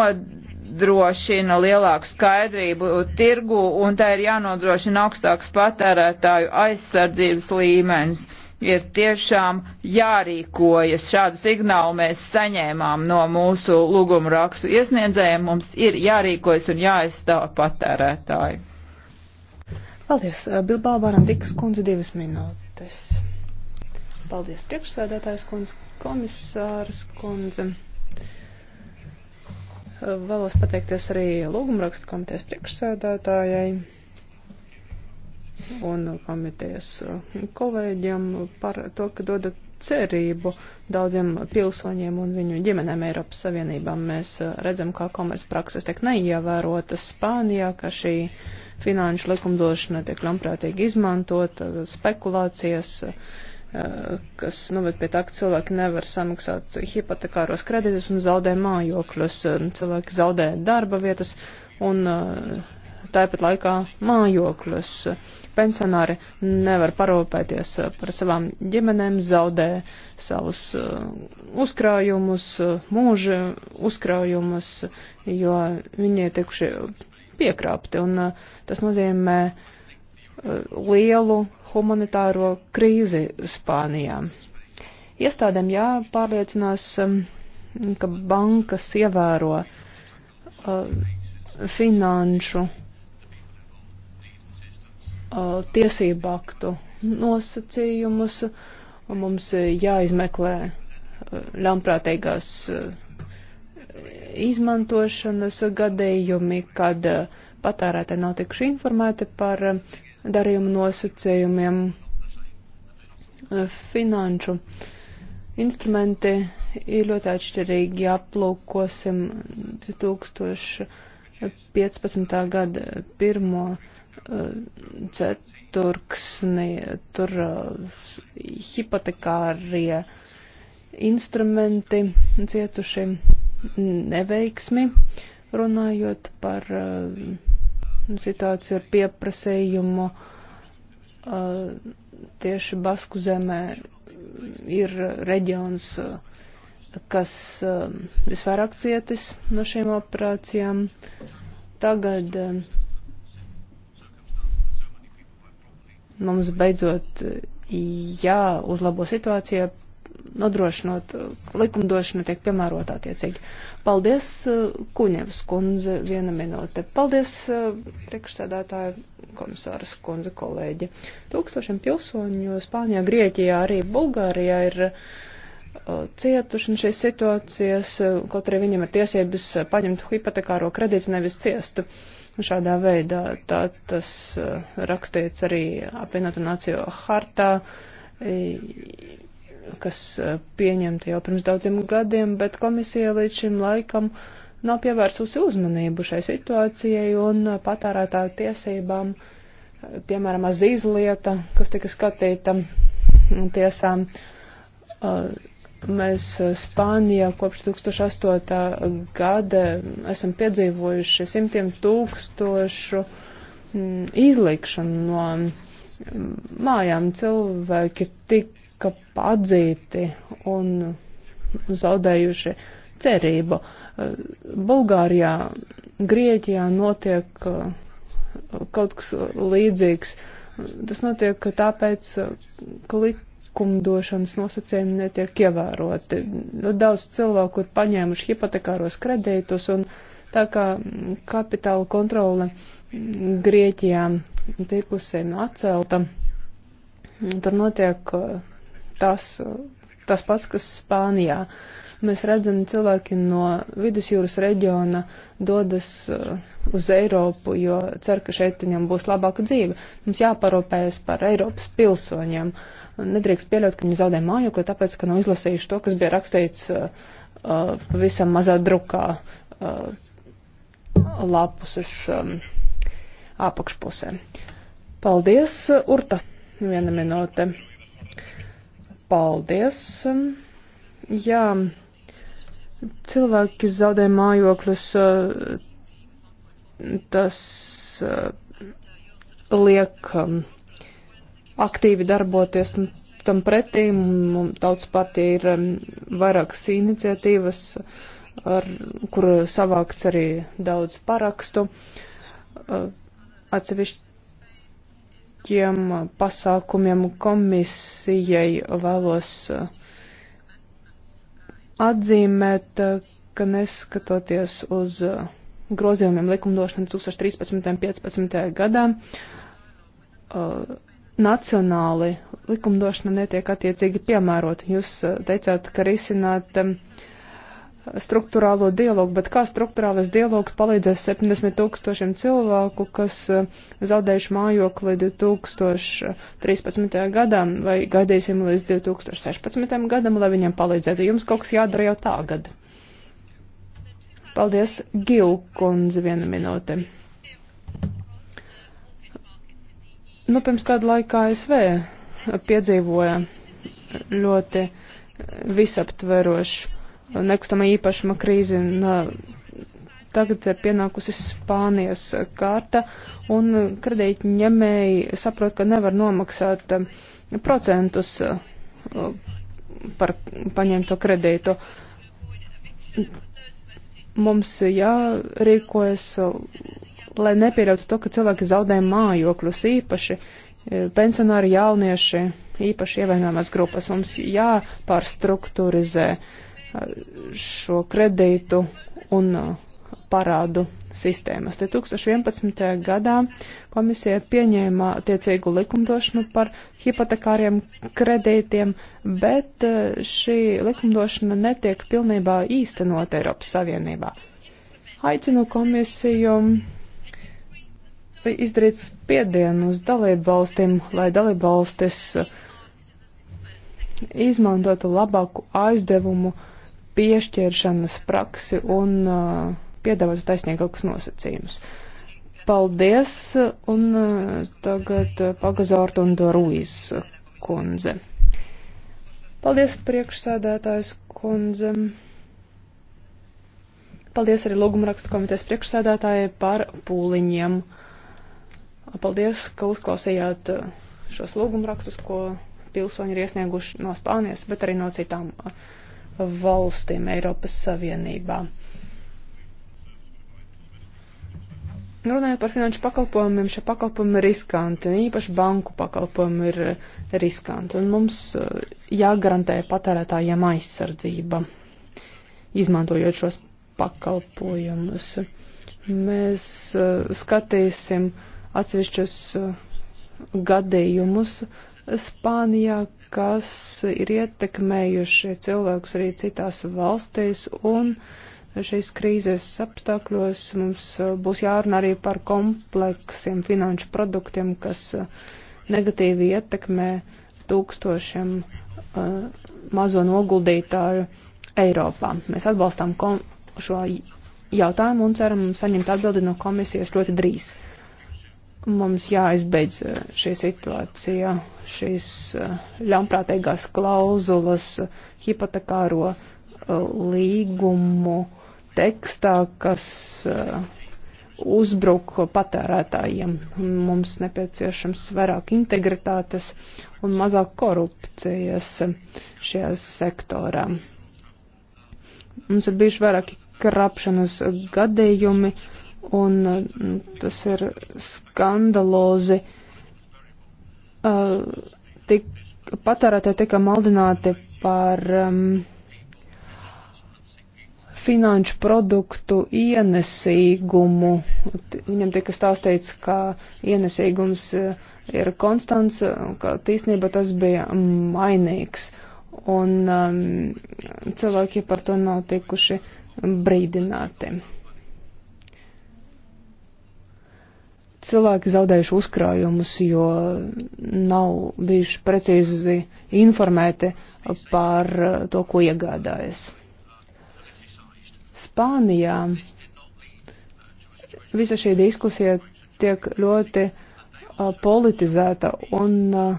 jānodrošina lielāku skaidrību tirgu un tā ir jānodrošina augstāks patērētāju aizsardzības līmenis. Ir tiešām jārīkojas. Šādu signālu mēs saņēmām no mūsu lūgumu rakstu iesniedzējiem. Mums ir jārīkojas un jāaizstāv patērētāji. Paldies. Bilbao Barandikas kundze divas minūtes. Paldies priekšsēdētājs kundze, komisārs kundze. Vēlos pateikties arī lūgumrakstu komitejas priekšsēdētājai un komitejas uh, kolēģiem par to, ka dodat cerību daudziem pilsoņiem un viņu ģimenēm Eiropas Savienībām. Mēs uh, redzam, kā komercprakses tiek neievērotas Spānijā, ka šī finanšu likumdošana tiek ļaunprātīgi izmantota, spekulācijas Eh, kas noved nu, pie tā, ka cilvēki nevar samaksāt hipotekāros kredītus un zaudē mājokļus, eh, cilvēki zaudē darba vietas un eh, tāpat laikā mājokļus. Pensionāri nevar parūpēties par savām ģimenēm, zaudē savus uzkrājumus, mūža uzkrājumus, jo viņi ir tikuši piekrāpti. Un tas nozīmē, uh, lielu humanitāro krīzi Spānijā. Iestādēm jāpārliecinās, um, ka bankas ievēro uh, finanšu uh, tiesību aktu nosacījumus. Mums jāizmeklē uh, ļaunprātīgās izmantošanas gadījumi, kad patērētāji nav tikuši informēti par darījuma nosacījumiem, finanšu instrumenti ir ļoti atšķirīgi. Aplūkosim 2015. gada pirmo ceturksni, tur hipotekārie instrumenti cietuši neveiksmi, runājot par uh, situācija ar pieprasījumu tieši Basku zemē ir reģions, kas visvairāk cietis no šīm operācijām. Tagad mums beidzot jāuzlabo situācija nodrošinot likumdošanu tiek piemērot attiecīgi. Paldies, Kuņevs kundze, viena minūte. Paldies, priekšsēdētāja komisāras kundze, kolēģi. Tūkstošiem pilsoņu Spānijā, Grieķijā, arī Bulgārijā ir uh, cietuši no šīs situācijas, kaut arī viņam ir tiesības paņemt hipotekāro kredītu, nevis ciestu. Šādā veidā tā tas uh, rakstīts arī apvienotu nāciju hartā kas eh, pieņemti jau pirms daudziem gadiem, bet komisija līdz šim laikam nav pievērsusi uzmanību šai situācijai un eh, patērētāju tiesībām, eh, piemēram, zīzlieta, kas tika skatīta tiesām. Mēs Spānijā kopš 2008. gada esam piedzīvojuši simtiem tūkstošu mm, izlikšanu no mm, mājām cilvēki tik tika padzīti un zaudējuši cerību. Bulgārijā, Grieķijā notiek uh, kaut kas līdzīgs. Tas notiek tāpēc, ka likumdošanas nosacījumi netiek ievēroti. Daudz cilvēku ir paņēmuši hipotekāros kredītus un tā kā kapitāla kontrole Grieķijā tipusi nu atcelta, tur notiek uh, tas, tas pats, kas Spānijā. Mēs redzam, cilvēki no vidusjūras reģiona dodas uh, uz Eiropu, jo cer, ka šeit viņam būs labāka dzīve. Mums jāparūpējas par Eiropas pilsoņiem. Nedrīkst pieļaut, ka viņi zaudē mājokli, tāpēc, ka nav izlasījuši to, kas bija rakstīts uh, uh pavisam mazā drukā uh, lapuses um, apakšpusē. Paldies, Urta! Viena minūte. Paldies. Jā, cilvēki zaudē mājokļus. Eh, tas eh, liek eh, aktīvi darboties tam pretī. Tautas partija ir vairākas iniciatīvas, ar kur savākts arī daudz parakstu. Atsevišķi politiskiem pasākumiem komisijai vēlos eh, atzīmēt, eh, ka neskatoties uz eh, grozījumiem likumdošanai 2013. un 2015. gadā, nacionāli likumdošana netiek attiecīgi piemērota. Jūs teicāt, ka risināt um, struktūrālo dialogu, bet kā struktūrālais dialogs palīdzēs 70 tūkstošiem cilvēku, kas eh, zaudējuši mājokli 2013. gadam vai gaidīsim līdz 2016. gadam, lai viņiem palīdzētu. Jums kaut kas jādara jau tagad. Paldies, Gil kundze, viena minūte. Nu, pirms kādu laiku ASV piedzīvoja ļoti eh, visaptverošu nekustamā īpašuma krīzi. Un, uh, tagad ir pienākusi Spānijas kārta, un kredītņemēji saprot, ka nevar nomaksāt uh, procentus uh, par paņemto kredītu. Mums jārīkojas, lai nepieļautu to, ka cilvēki zaudē mājokļus īpaši, pensionāri jaunieši, īpaši ievainojamās grupas. Mums jāpārstruktūrizē uh, šo kredītu un uh, parādu sistēmas. Te 2011. gadā komisija pieņēma tiecīgu likumdošanu par hipotekāriem kredītiem, bet uh, šī likumdošana netiek pilnībā īstenot Eiropas Savienībā. Aicinu komisiju izdarīt spiedienu uz dalību valstīm, lai dalību valstis izmantotu labāku aizdevumu uh, piešķiršanas praksi un uh, piedāvātu taisnīgākus nosacījumus. Paldies, un uh, tagad uh, Pagazorta un Doruiz kundze. Paldies, priekšsēdētājs kundze. Paldies arī lūgumrakstu komitejas priekšsēdētājai par pūliņiem. Paldies, ka uzklausījāt uh, šos lūgumrakstus, ko pilsoņi ir iesnieguši no Spānijas, bet arī no citām uh, valstīm Eiropas Savienībā. Runājot par finanšu pakalpojumiem, šie pakalpojumi ir riskanti, īpaši banku pakalpojumi ir eh, riskanti, un mums eh, jāgarantē patērētājiem aizsardzība, izmantojot šos pakalpojumus. Mēs eh, skatīsim atsevišķus gadījumus, Spānijā, kas ir ietekmējuši cilvēkus arī citās valstīs, un šīs krīzes apstākļos mums uh, būs jārunā arī par kompleksiem finanšu produktiem, kas uh, negatīvi ietekmē tūkstošiem uh, mazo noguldītāju Eiropā. Mēs atbalstām šo jautājumu un ceram saņemt atbildi no komisijas ļoti drīz. Mums jāizbeidz eh, šī situācija, šīs eh, ļaunprātīgās klauzulas eh, hipotekāro līgumu tekstā, kas uzbruk patērētājiem. Mums nepieciešams vairāk integritātes un mazāk korupcijas šajā sektorā. Mums ir bijuši vairāki krapšanas gadījumi, un mm, tas ir skandalozi. Uh, tik, patērētāji tika maldināti par um, finanšu produktu ienesīgumu. Viņam tika stāstīts, ka ienesīgums uh, ir konstants, ka tīsnība tas bija mainīgs. Un um, cilvēki par to nav tikuši brīdināti. cilvēki zaudējuši uzkrājumus, jo nav bijuši precīzi informēti par eh, to, ko iegādājas. Spānijā visa šī diskusija tiek ļoti uh, politizēta, un uh,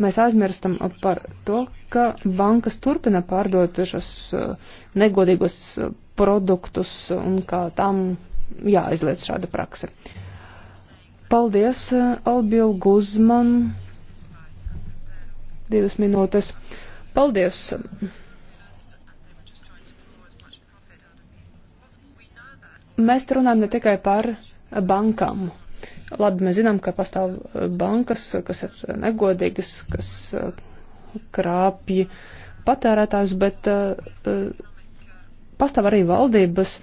mēs aizmirstam par to, ka bankas turpina pārdot šos uh, negodīgos produktus un kā tam jāizliedz šāda prakse. Paldies, eh, Albiel Guzman. Divas minūtes. Paldies. Mēs runājam ne tikai par bankām. Labi, mēs zinām, ka pastāv bankas, kas ir negodīgas, kas eh, krāpja patērētājs, bet uh, pastāv arī valdības,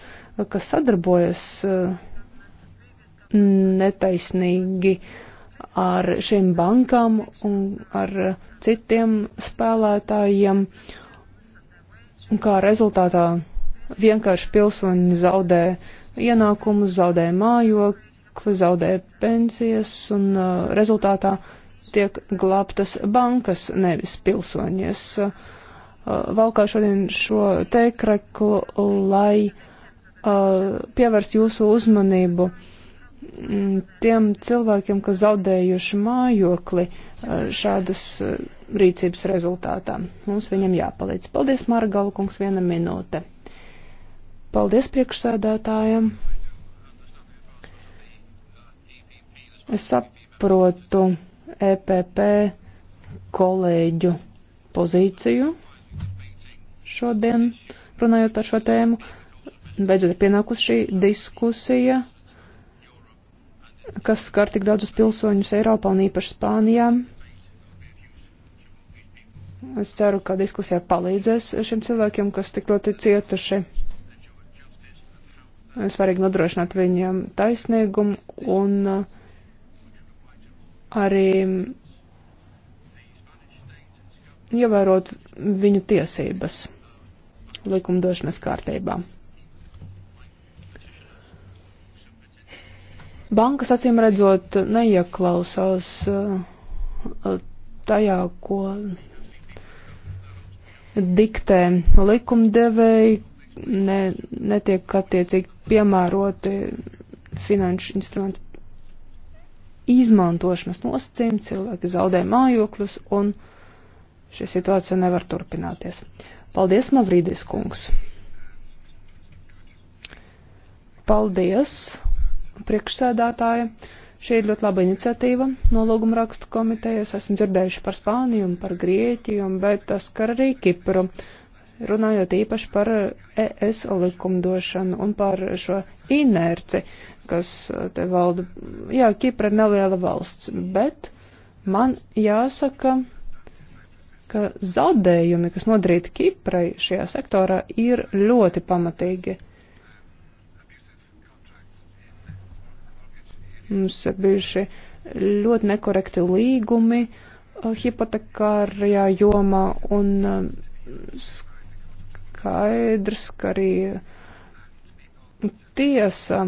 kas sadarbojas eh, netaisnīgi ar šīm bankām un ar citiem spēlētājiem, un kā rezultātā vienkārši pilsoņi zaudē ienākumus, zaudē mājokli, zaudē pensijas, un uh, rezultātā tiek glābtas bankas, nevis pilsoņies. Uh, eh, valkā šodien šo teikreklu, lai uh, Uh, pievērst jūsu uzmanību mm, tiem cilvēkiem, kas zaudējuši mājokli uh, šādas uh, rīcības rezultātā. Mums viņam jāpalīdz. Paldies, Margalu kungs, viena minūte. Paldies priekšsēdētājiem. Es saprotu EPP kolēģu pozīciju šodien runājot par šo tēmu. Uh, beidzot ir pienākusi šī diskusija, kas skar tik daudzus pilsoņus Eiropā un īpaši Spānijā. Es ceru, ka diskusijā palīdzēs šiem cilvēkiem, kas tik ļoti cietuši. Svarīgi nodrošināt viņiem taisnīgumu un uh, arī ievērot viņu tiesības likumdošanas kārtībā. Bankas acīm redzot neieklausās eh, tajā, ko diktē likumdevēji, ne, netiek attiecīgi piemēroti finanšu instrumentu izmantošanas nosacījumi, cilvēki zaudē mājokļus un šī situācija nevar turpināties. Paldies, Mavrīdis kungs! Paldies! priekšsēdētāja. Šī ir ļoti laba iniciatīva no lūguma rakstu komitejas. Esmu dzirdējuši par Spāniju un par Grieķiju, bet tas skar arī Kipru, runājot īpaši par ES likumdošanu un par šo inerci, kas te valda. Jā, Kipra ir neliela valsts, bet man jāsaka, ka zaudējumi, kas nodarīti Kiprai šajā sektorā, ir ļoti pamatīgi Mums ir bijuši ļoti nekorekti līgumi uh, hipotekārajā jomā un um, skaidrs, ka arī tiesa,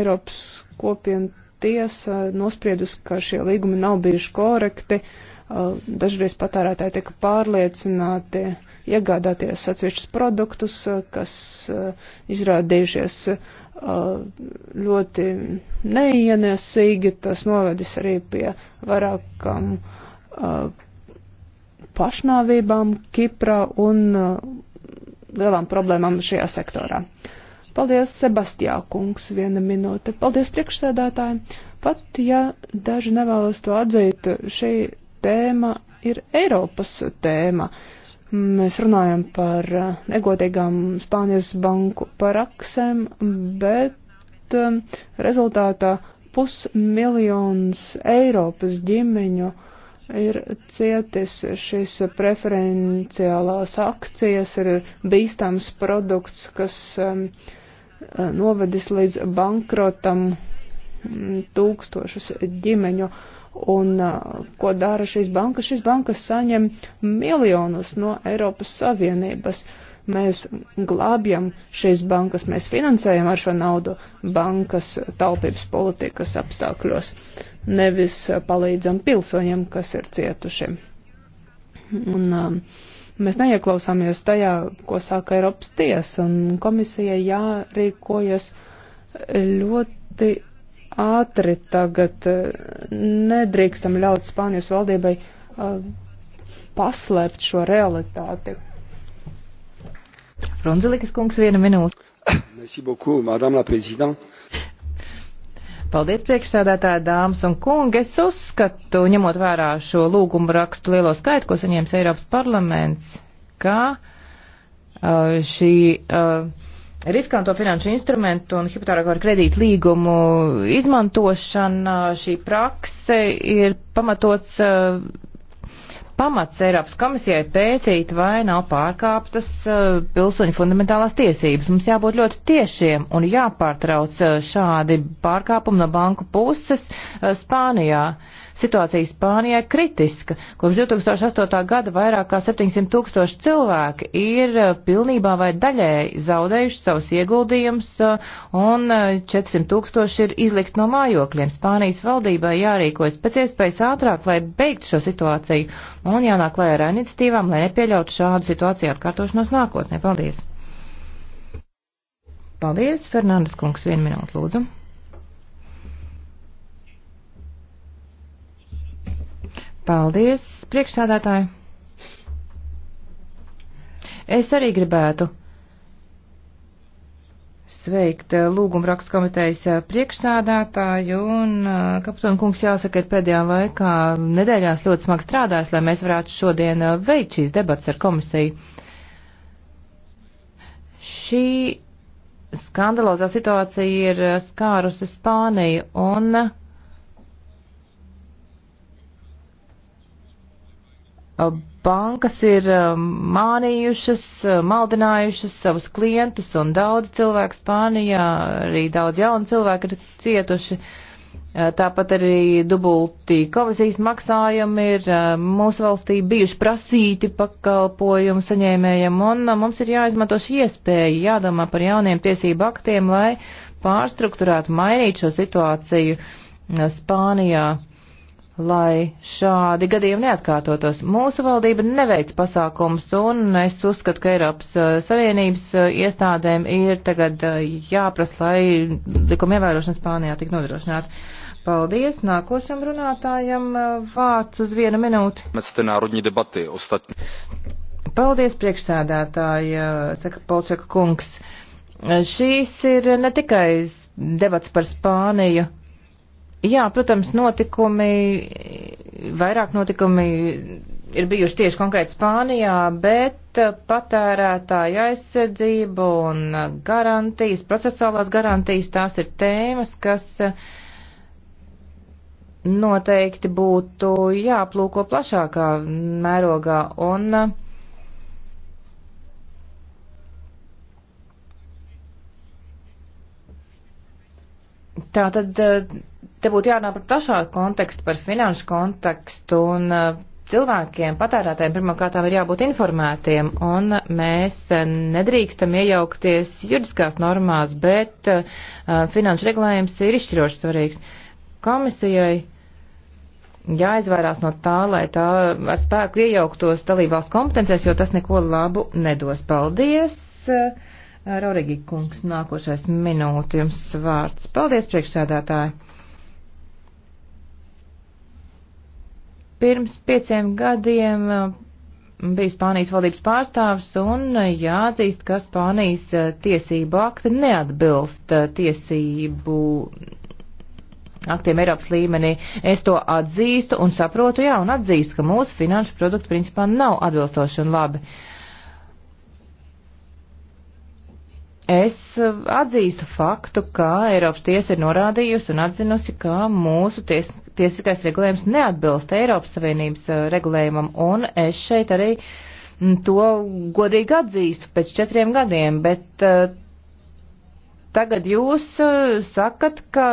Eiropas kopiena tiesa nospriedus, ka šie līgumi nav bijuši korekti. Uh, Dažreiz patērētāji tika pārliecināti iegādāties atsevišķus produktus, kas izrādījušies ļoti neienesīgi. Tas novedis arī pie vairākam pašnāvībām Kiprā un lielām problēmām šajā sektorā. Paldies, Sebastijā kungs, viena minūte. Paldies priekšsēdētājiem. Pat ja daži nevēlas to atzīt, šī tēma ir Eiropas tēma. Mēs runājam par eh, negodīgām Spānijas banku paraksēm, bet eh, rezultātā pusmiljons Eiropas ģimeņu ir cietis šīs preferenciālās akcijas, ir bīstams produkts, kas um, novedis līdz bankrotam mm, tūkstošus ģimeņu. Uh, Un ko dara šīs bankas? Šīs bankas saņem miljonus no Eiropas Savienības. Mēs glābjam šīs bankas, mēs finansējam ar šo naudu bankas taupības politikas apstākļos, nevis palīdzam pilsoņiem, kas ir cietuši. Un, uh, mēs neieklausāmies tajā, ko saka Eiropas tiesa, un komisija jārīkojas ļoti ātri tagad eh, nedrīkstam ļaut Spānijas valdībai eh, paslēpt šo realitāti. Frunzelikas kungs, viena minūte. Merci beaucoup, madame la présidente. Paldies, priekšsēdētāji, dāmas un kungi. Es uzskatu, ņemot vērā šo lūgumu rakstu lielo skaitu, ko saņēmis Eiropas parlaments, ka uh, šī uh, riskanto finanšu instrumentu un hipotekāru kredītu līgumu izmantošana, šī prakse ir pamatots eh, pamats Eiropas komisijai pētīt, vai nav pārkāptas eh, pilsoņu fundamentālās tiesības. Mums jābūt ļoti tiešiem un jāpārtrauc eh, šādi pārkāpumi no banku puses Spānijā. Uh, Situācija Spānijā ir kritiska. Kopš 2008. gada vairāk kā 700 tūkstoši cilvēki ir eh, pilnībā vai daļēji zaudējuši savus ieguldījumus eh, un 400 eh, tūkstoši ir izlikt no mājokļiem. Spānijas valdībai jārīkojas pēc iespējas ātrāk, lai beigtu šo situāciju un jānāk klajā ar iniciatīvām, lai nepieļautu šādu situāciju atkārtošanos nākotnē. Paldies! Paldies, Fernandes kungs, vienu minūtu lūdzu. Paldies, priekšsādātāji. Es arī gribētu sveikt eh, lūguma rakstu komitejas eh, priekšsādātāju un eh, kapitona kungs jāsaka, ir pēdējā laikā nedēļās ļoti smagi strādājis, lai mēs varētu šodien veikt šīs debats ar komisiju. Šī skandalozā situācija ir skārusi Spāniju un bankas ir um, mānījušas, um, maldinājušas savus klientus un daudz cilvēku Spānijā, arī daudz jaunu cilvēku ir cietuši. Uh, tāpat arī dubultī komisijas maksājumi ir uh, mūsu valstī bijuši prasīti pakalpojumu saņēmējiem, un uh, mums ir jāizmanto šī iespēja, jādomā par jauniem tiesību aktiem, lai pārstruktūrētu mainītu šo situāciju Spānijā lai šādi gadījumi neatkārtotos. Mūsu valdība neveic pasākums, un es uzskatu, ka Eiropas uh, Savienības uh, iestādēm ir tagad uh, jāprasa, lai likuma ievērošana Spānijā tik nodrošināta. Paldies. Nākošam runātājam vārds uz vienu minūti. Mēs te nārodņi debati ostatņi. Paldies, priekšsēdētāji, saka Polčaka kungs. Šīs ir ne tikai debats par Spāniju Jā, protams, notikumi, vairāk notikumi ir bijuši tieši konkrēti Spānijā, bet eh, patērētāja aizsardzība un eh, garantijas, procesuālās garantijas, tās ir tēmas, kas eh, noteikti būtu jāplūko plašākā mērogā. Un, Tā tad Te būtu jārunā par plašāku kontekstu, par finanšu kontekstu un eh, cilvēkiem, patērētājiem pirmkārtām ir jābūt informētiem, un mēs nedrīkstam iejaukties juridiskās normās, bet uh, finanšu regulējums ir izšķiroši svarīgs. Komisijai jāizvairās no tā, lai tā ar spēku iejauktos dalībvalsts kompetencēs, jo tas neko labu nedos. Paldies! Eh, Rorigi kungs, nākošais minūte jums vārds. Paldies, priekšsēdētāji! Pirms pieciem gadiem uh, bija Spānijas valdības pārstāvs un uh, jāatzīst, ka Spānijas uh, tiesību akti neatbilst tiesību aktiem Eiropas līmenī. Es to atzīstu un saprotu, jā, un atzīstu, ka mūsu finanšu produktu principā nav atbilstoši un labi. Uh, Es atzīstu faktu, ka Eiropas tiesa ir norādījusi un atzinusi, ka mūsu ties, tiesiskais regulējums neatbilst Eiropas Savienības uh, regulējumam, un es šeit arī mm, to godīgi atzīstu pēc četriem gadiem, bet uh, Tagad jūs eh, sakat, ka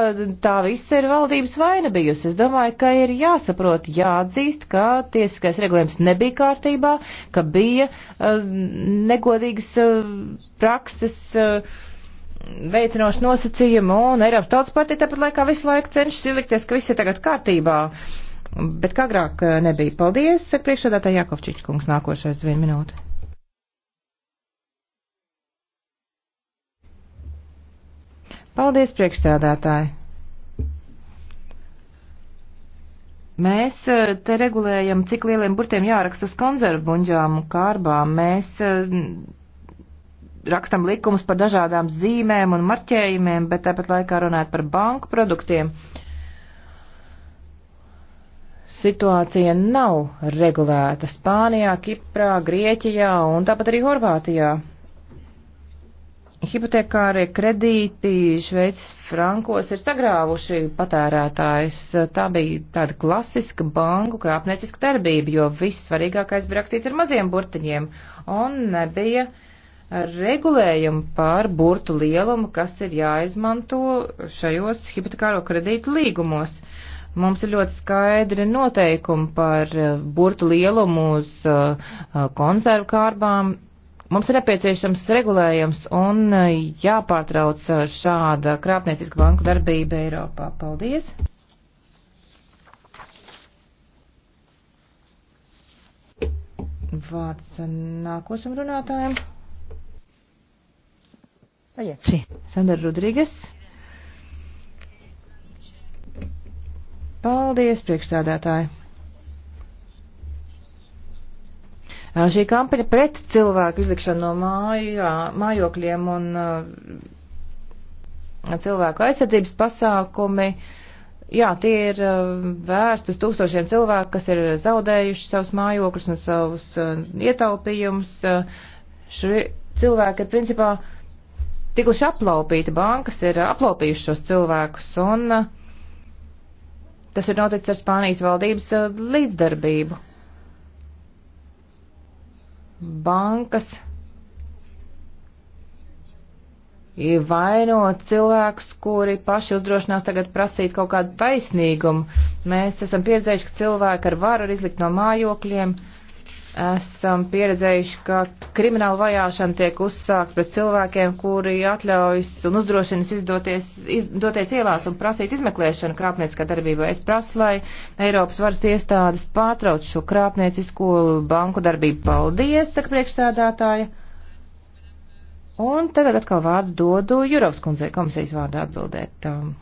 tā viss ir valdības vaina bijusi. Es domāju, ka ir jāsaprot, jāatzīst, ka tiesiskais regulējums nebija kārtībā, ka bija uh, negodīgas uh, prakses. Uh, veicinoši nosacījumi, un Eiropas tautas partija tāpat laikā visu laiku cenšas ielikties, ka viss ir tagad kārtībā. Bet kā agrāk nebija. Paldies, saka priekšādātā Jakovčiņš kungs nākošais vienu minūti. Paldies, priekšsēdētāji! Mēs eh, te regulējam, cik lieliem burtiem jāraksta uz konzervu buņģām un kārbām. Mēs eh, rakstam likumus par dažādām zīmēm un marķējumiem, bet tāpat laikā runāt par banku produktiem. Situācija nav regulēta Spānijā, Kiprā, Grieķijā un tāpat arī Horvātijā. Hipotekārie kredīti Šveicis frankos ir sagrāvuši patērētājs. Tā bija tāda klasiska banku krāpnieciska darbība, jo viss svarīgākais bija rakstīts ar maziem burtiņiem un nebija regulējumu pār burtu lielumu, kas ir jāizmanto šajos hipotekāro kredītu līgumos. Mums ir ļoti skaidri noteikumi par burtu lielumu uz uh, konservu kārbām, Mums ir nepieciešams regulējums un eh, jāpārtrauc eh, šāda krāpnieciska banku darbība Eiropā. Paldies! Vārds nākošam runātājam. Ajaci. Sandra Rodrīgas. Paldies, priekšstādātāji! Šī kampaņa pret cilvēku izlikšanu no mājā, mājokļiem un cilvēku aizsardzības pasākumi, jā, tie ir vērsti uz tūkstošiem cilvēku, kas ir zaudējuši savus mājokļus un savus ietaupījumus. Šie cilvēki ir principā tikuši aplaupīti, bankas ir aplaupījušas šos cilvēkus un tas ir noticis ar Spānijas valdības līdzdarbību bankas vainot cilvēkus, kuri paši uzdrošinās tagad prasīt kaut kādu taisnīgumu. Mēs esam pieredzējuši, ka cilvēki ar varu ir izlikt no mājokļiem, uh, esam pieredzējuši, ka krimināla vajāšana tiek uzsākt pret cilvēkiem, kuri atļaujas un uzdrošinas izdoties, izdoties ielās un prasīt izmeklēšanu krāpnieciskā darbībā. Es prasu, lai Eiropas varas iestādes pārtrauc šo krāpniecisko banku darbību. Paldies, saka priekšsēdētāja. Un tagad atkal vārdu dodu Jurovs kundzei komisijas vārdā atbildēt um,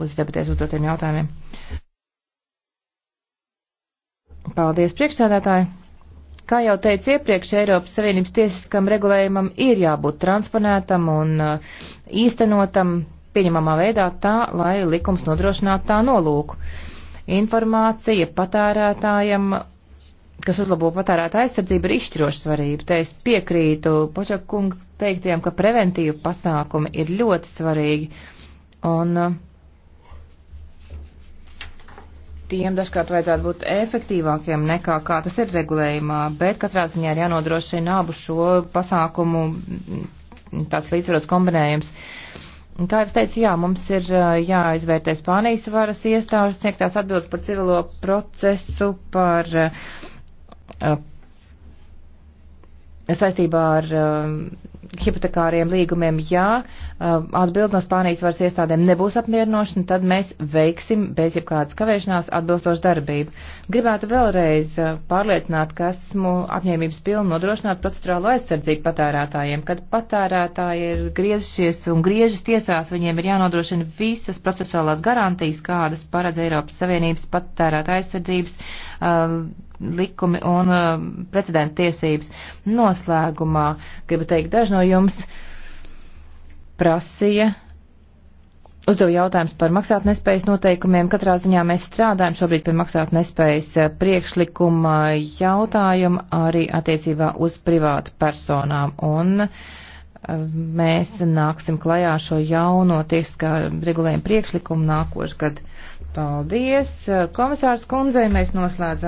uz deputēs uzdotiem jautājumiem. Paldies, priekšsēdētāji! Kā jau teicu iepriekš, Eiropas Savienības tiesiskam regulējumam ir jābūt transponētam un uh, īstenotam pieņemamā veidā tā, lai likums nodrošinātu tā nolūku. Informācija patērētājam, kas uzlabo patērētā aizsardzību, ir izšķiroši svarība. Te es piekrītu Počakunga teiktiem, ka preventīvu pasākumi ir ļoti svarīgi. Un uh, tiem dažkārt vajadzētu būt efektīvākiem nekā kā tas ir regulējumā, bet katrā ziņā ir jānodrošina abu šo pasākumu mm, tāds līdzsvarots kombinējums. Kā jau es teicu, jā, mums ir jāizvērtē Spānijas varas iestāžas sniegtās atbildes par civilo procesu, par uh, saistībā ar uh, hipotekāriem līgumiem, ja uh, atbild no Spānijas varas iestādēm nebūs apmierinošana, tad mēs veiksim bez jebkādas kavēšanās atbilstošu darbību. Gribētu vēlreiz uh, pārliecināt, ka esmu apņēmības pilna nodrošināt procedurālo aizsardzību patērētājiem. Kad patērētāji ir griezušies un griežas tiesās, viņiem ir jānodrošina visas procesuālās garantijas, kādas paredz Eiropas Savienības patērētāja aizsardzības uh, likumi un precedenta tiesības. Noslēgumā gribu teikt dažnu no jums prasīja, uzdev jautājums par maksātnespējas noteikumiem. Katrā ziņā mēs strādājam šobrīd pie maksātnespējas eh, priekšlikuma jautājuma arī attiecībā uz privātu personām. Un eh, mēs nāksim klajā šo jauno tiesiskā regulējuma priekšlikumu nākošgad. Paldies, eh, komisārs kundzei, mēs noslēdzam.